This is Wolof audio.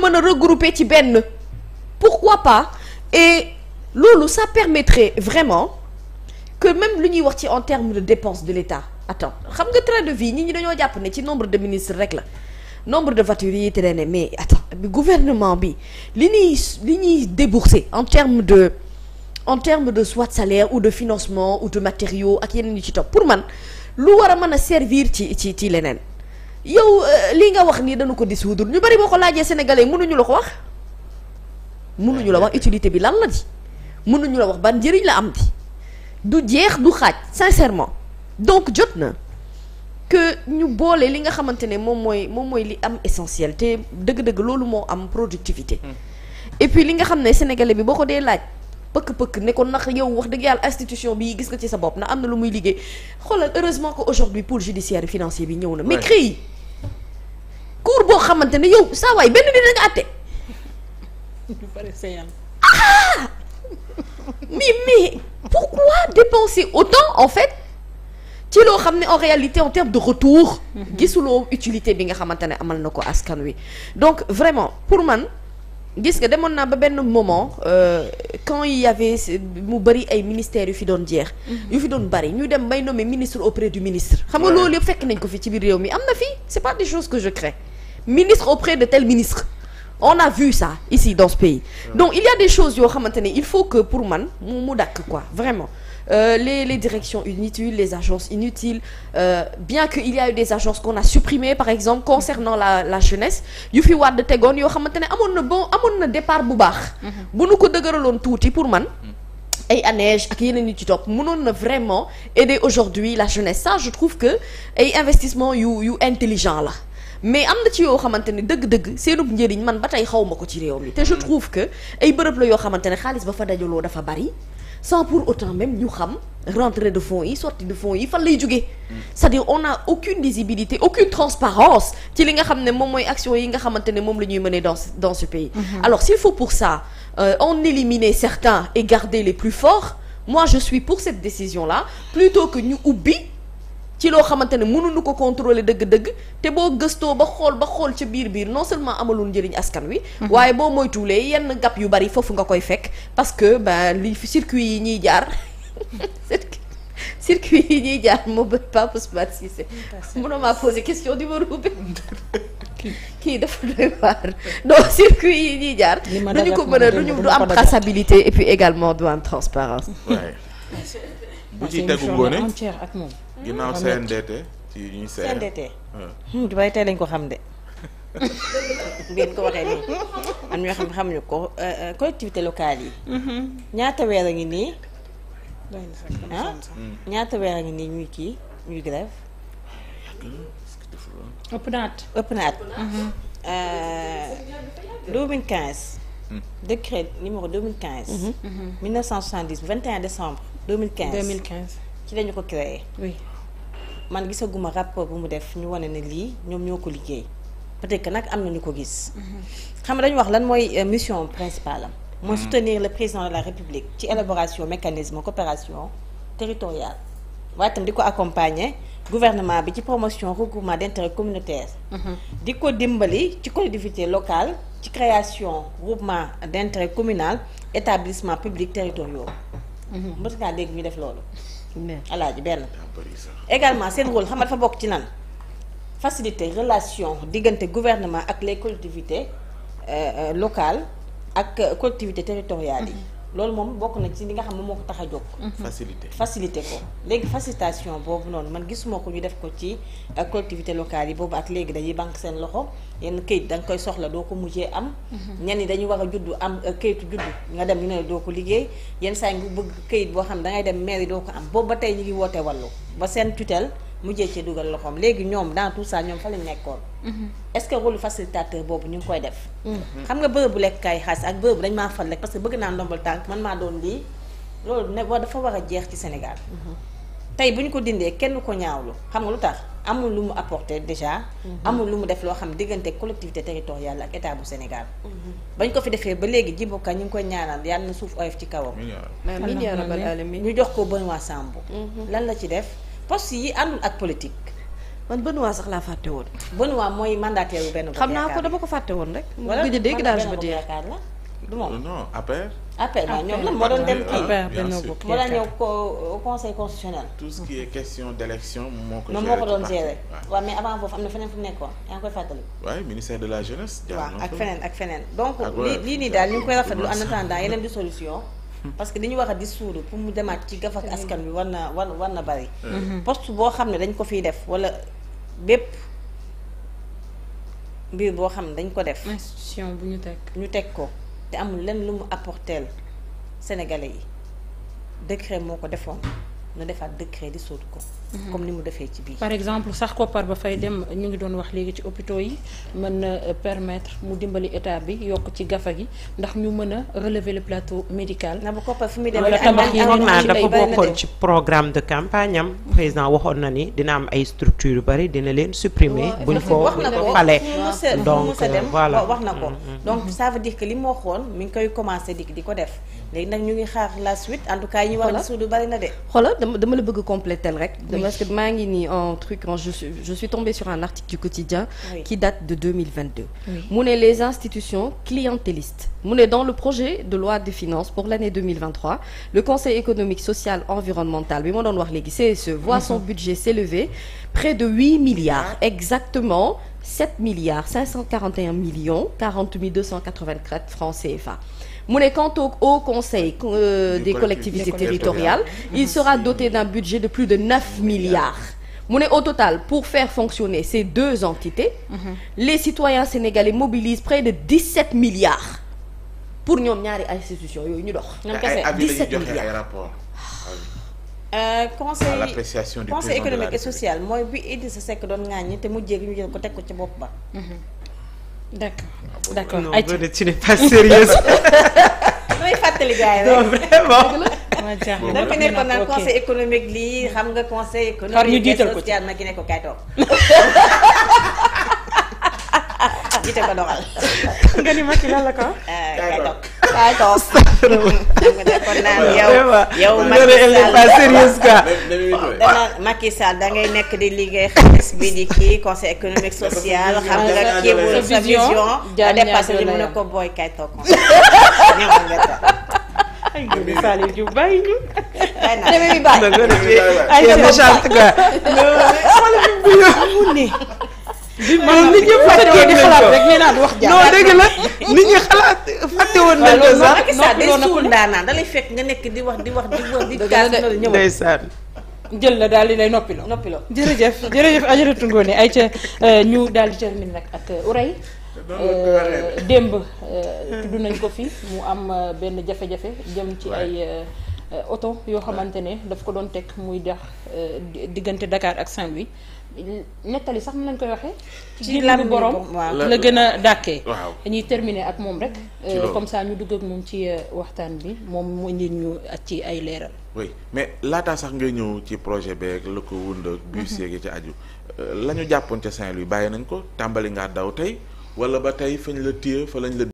na mën a regrouper ci benn pourquoi pas et loolu ça permettrait vraiment que même lu ñuy wax ci en termes de dépenses de l'État attends xam nga train de vie nit ñi dañoo jàpp ne ci nombre de ministres rek la nombre de voitures yi te ne mais attends le gouvernement bi li ñuy li ñuy débourser en termes de en termes de soit salaire ou de financement ou de matériaux ak yeneen yu ci topp pour man lu war a mën a servir ci ci ci leneen yow euh, li nga wax nii dañu ko dissoudre ñu bari boo ko laajee sénégalais yi mënuñu la ko wax mënuñu la wax utilité bi lan la di mënuñu la wax ban njëriñ la am di du jeex du xaaj sincèrement donc jot na que ñu boole li nga xamante ne moom mooy moom mooy li am essentiel te dëgg-dëgg loolu moo am productivité hmm. et puis li nga xam ne sénégalais bi boo ko dee laaj pëkk-pëkk ne ko nax yow wax dëgg yàlla institution bi gis nga ci sa bopp na am na lu muy liggéey xoolal heureusement que aujourd'hui pôle judiciaire et bi ñëw na mais CREI cour boo xamante ne yow saa waay benn nit nga àtte. ah mais mais pourquoi dépenser autant en fait ci loo xam ne en réalité en termes de retour. gisuloo utilité bi nga xamante ne amal na ko askan wi donc vraiment pour man. gis nga demoon naa ba benn moment euh, quand il y avait mu bëri ay ministères yu fi doon jeex. Mhm. yu fi doon bëri ñu dem bay nommer ministre auprès du ministre. xam nga loolu yëpp fekk nañ ko fi ci biir réew mi am na fi c'est pas des choses que je ministre auprès de tel ministre on a vu ça ici dans ce pays il y a des choses yoo xamante ne il faut que pour man mu mu dakk quoi vraiment euh, les les directions inutiles les agences inutiles euh, bien que il y a eu des agences qu'on a supprimées par exemple concernant la la jeunesse yu fi war de tegoon yoo xamante ne amoon na bon amoon na départ bu baax mhm. bu nu ko dëgëraloon tuuti pour man mhm. ay ANEJ ak yeneen yu ci topp mënoon na vraiment aider aujourd'hui la jeunesse ça je trouve que ay yu yu intelligent la mais am na ci yoo xamante ne dëgg-dëgg seenub njëriñ man ba tey xaw ma ko ci réew mi te je trouve que ay bërëb la yoo xamante ne xaalis ba fa dajaloo dafa bari sans pour autant même ñu xam rentrée de fonds yi sortie de fonds yi fan lay jógee c'est-à-dire on a aucune visibilité aucune transparence ci li nga xam ne moom mooy action yi nga xamante ne moom la ñuy mener dans dans ce pays mm-hmm. alors s'il faut pour ça euh, en éliminer certains et garder les plus forts moi pour cette décision là plutôt que ñu ubbi ci loo xamante ne mënuñu ko contrôler dëgg-dëgg te boo gëstoo ba xool ba xool ca biir biir non seulement amalul njëriñ askan wi mhm. waaye boo moytuwulee yenn gap yu bari foofu nga koy fekk parce que ba li circuit yi ñuy jaar circuit yi ñuy jaar moo ba Pape Ousmane Cissé mënoo maa posé question du ma ruube kii dafa doy waar donc circuit yi ñuy jaar duñu ko mën du am traçabilité et puis également du am transparence ak moom ginnaaw CNDT ci ñuy seer hmm, du bay tey lañ ko xam de ngeen ko waxee nii am ñoo xam xamuñu ko euh, euh, collectivité locale yi mm-hmm. ñaata weer a ngi nii ah hmm. ñaata weer a ngi nii ñuy kii ñuy grève ëpp na at ëpp na at 2015 mm-hmm. euh, hmm. décret numéro 2015 1970 21 décembre 2015 2015 ci lañu ko créé. man gisaguma rapport bu mu def ñu wane ne lii ñoom ñoo ko liggéey peut que nag am na ñu ko gis. Mhm. xam nga dañu wax lan mooy euh, mission principale mooy mhm. soutenir le président de la république ci élaboration mécanisme coopération territoriale waaye itam di ko accompagner gouvernement bi ci promotion regroupement d'intérêt communautaire. Mhm. di ko dimbali ci collectivité locale ci création groupement d'intérêt communal établissement public territoriaux. mbët ngaa dégg ñu def loolu. alaaji benn également seen rôle xam nga dafa bokk ci naan facilité relations diggante gouvernement ak les collectivités euh, euh, locales ak collectivités territoriale yi mhm. loolu moom bokk na ci li nga xam ne moo ko tax a jóg. Mhm. facilité facilité ko léegi facilitation boobu noonu man gisuma ko ñu def ko ci euh, collectivité locale yi boobu ak léegi dañuy banque seen loxo yenn këyit da nga koy soxla doo ko mujjee am. Mhm. ñenn ñi dañuy war a juddu am euh, këyitu juddu nga dem ñu ne doo ko liggéey yenn saa yi nga bëgg këyit boo xam ne dangay dem mairie doo ko am boobu ba tey ñu ngi woote wàllu ba seen tutelle. mujjee ci dugal loxoom léegi ñoom dans tout ça ñoom fa lañ nekkoon. Mhm. est-ce que rôle facilitateur boobu ñu ngi koy def. Mhm. xam nga bërëb bu lekk kaay xaalis ak bërëb dañ maa fa rek parce que bëgg naa ndombal tànk man maa doon lii loolu ne dafa war a jeex ci Sénégal. Mhm. tey bu ñu ko dindee kenn ko ñaawlu xam nga lu tax amul lu mu apporté déjà. amul lu mu def loo xam diggante collectivité territoriale ak état bu Sénégal. bañ ko fi defee ba léegi Djibo Ka ñu ngi koy ñaanal yàlla na suuf oyof ci kawam. ñu jox ko Benoît Sambou lan la ci def. poste yi àndul ak politique. man Benoît sax laa fàtte woon. Benoît mooy mandataire bu benn. xam naa ko dama ko fàtte woon rek. wala man benn bopp yaakaar la du moom non APR. APR waaw lan moo doon dem kii moo daan ñëw ko euh, d' élection moo ko. moo ko doon gérer waaw mais feneen fu nekkoon yaa ngi koy fàttali. ministère de la jeunesse. waaw ak feneen ak feneen. donc ah, lii lii nii daal ñu ngi koy rafetlu en attendant yeneen di solution. parce que li ñu war a dissoudre pour mu demaat ci gafak askan bi war na war war na bari. Mmh. Mmh. poste boo xam ne dañ ko fiy def wala bépp mbir boo xam ne dañ ko def. institution bu ñu teg. ñu teg ko te amul lenn lu mu apporteel sénégalais yi décret moo ko defoon. na defaat décret di sóotu ko. Mhm. comme ni mu defee ci biir. par exemple sax koppar ba fay dem ñu ngi doon wax léegi ci hôpitaux yi mën na euh, permettre mu dimbali état bi yokk ci gafa gi ndax ñu mën a relever le plateau médical. na bu koppar fu muy demee wala tabax yi naa programme de campagne président waxoon na ni dina am ay structures yu bari dina leen supprimer. buñ ko buñ ko falee donc euh, voilà wax na ko mm, mm, mm. donc ça veut dire que li mu waxoon mi ngi koy commencer di di ko def léegi nag ñu ngi xaar la suite en tout cas yi ñu wax ne suudu bari na de. dama dama la bëgg compléter rek. maa ngi nii en truc en je suis je suis tombée sur un mu ne les institutions projet de loi de finances pour l'année 2023 le conseil économique social environnemental bi ma doon wax léegi CSE voit son mhm. budget s'élever près de huit milliards ah. exactement sept milliards cinq cent quarante et un millions quarante mille mu ne quant au haut conseil euh, des collectivités territoriales mhm. il sera doté d'un budget de plus de 9 milliards mu ne au total pour faire fonctionner ces deux entités mhm. les citoyens sénégalais mobilisent près de 17 milliards pour ñoom ñaari institution yooyu ñu dox 17 milliards Euh, conseil conseil économique et social mooy bi Idrissa Seck doon ñi te mu jéegi ñu jël ko teg ko ci bopp ba mhm. d'accord ah, d'accord non René tu fàttali gars yi rek non vraiment. ma jaaxle dama nekkoon naan conseil économique lii xam nga conseil. économique et social ma gi ne ko kaay toog. jiite ko doxal. nga ni ma ci lan la ko. kaay toog kaay toog. yow nekk di liggéey xaalis bi di kii conseil économique social xam nga kii sa vision da dépassé li mën a ko booy kaay toog ñëwal nga toog. non nit ñi fàtte woon di xalaat naa di wax jaar non dëgg la nit ñi xalaat fàtte woon nañ ko sax noppi loolu daanaan fekk nga nekk di wax di wax di wax di kaas na ñëw ndeysaan jël la daal di lay noppiloo noppiloo jërëjëf jërëjëf ajaratu ngoone ay ca ñu daal di termine nag ak uray démb tudd nañ ko fi mu am benn jafe-jafe jëm ci ay oto yoo xamante ne daf ko doon teg muy dex diggante Dakar ak Saint-Louis nettali sax mu lañ koy waxee. ci lan borom la gën a dàkkee. waaw dañuy terminer ak moom rek. Euh, comme ça ñu dugg ak moom ci euh, waxtaan bi moom mu indil ñu ak ci ay leeral. oui mais laataa sax ngay ñëw ci projet beeg la ko wund bus yeeg ci aju euh, la ñu jàppoon ca Saint-Louis bàyyi nañ ko tàmbali nga daw tey wala ba tey fañ la téye fa lañ la.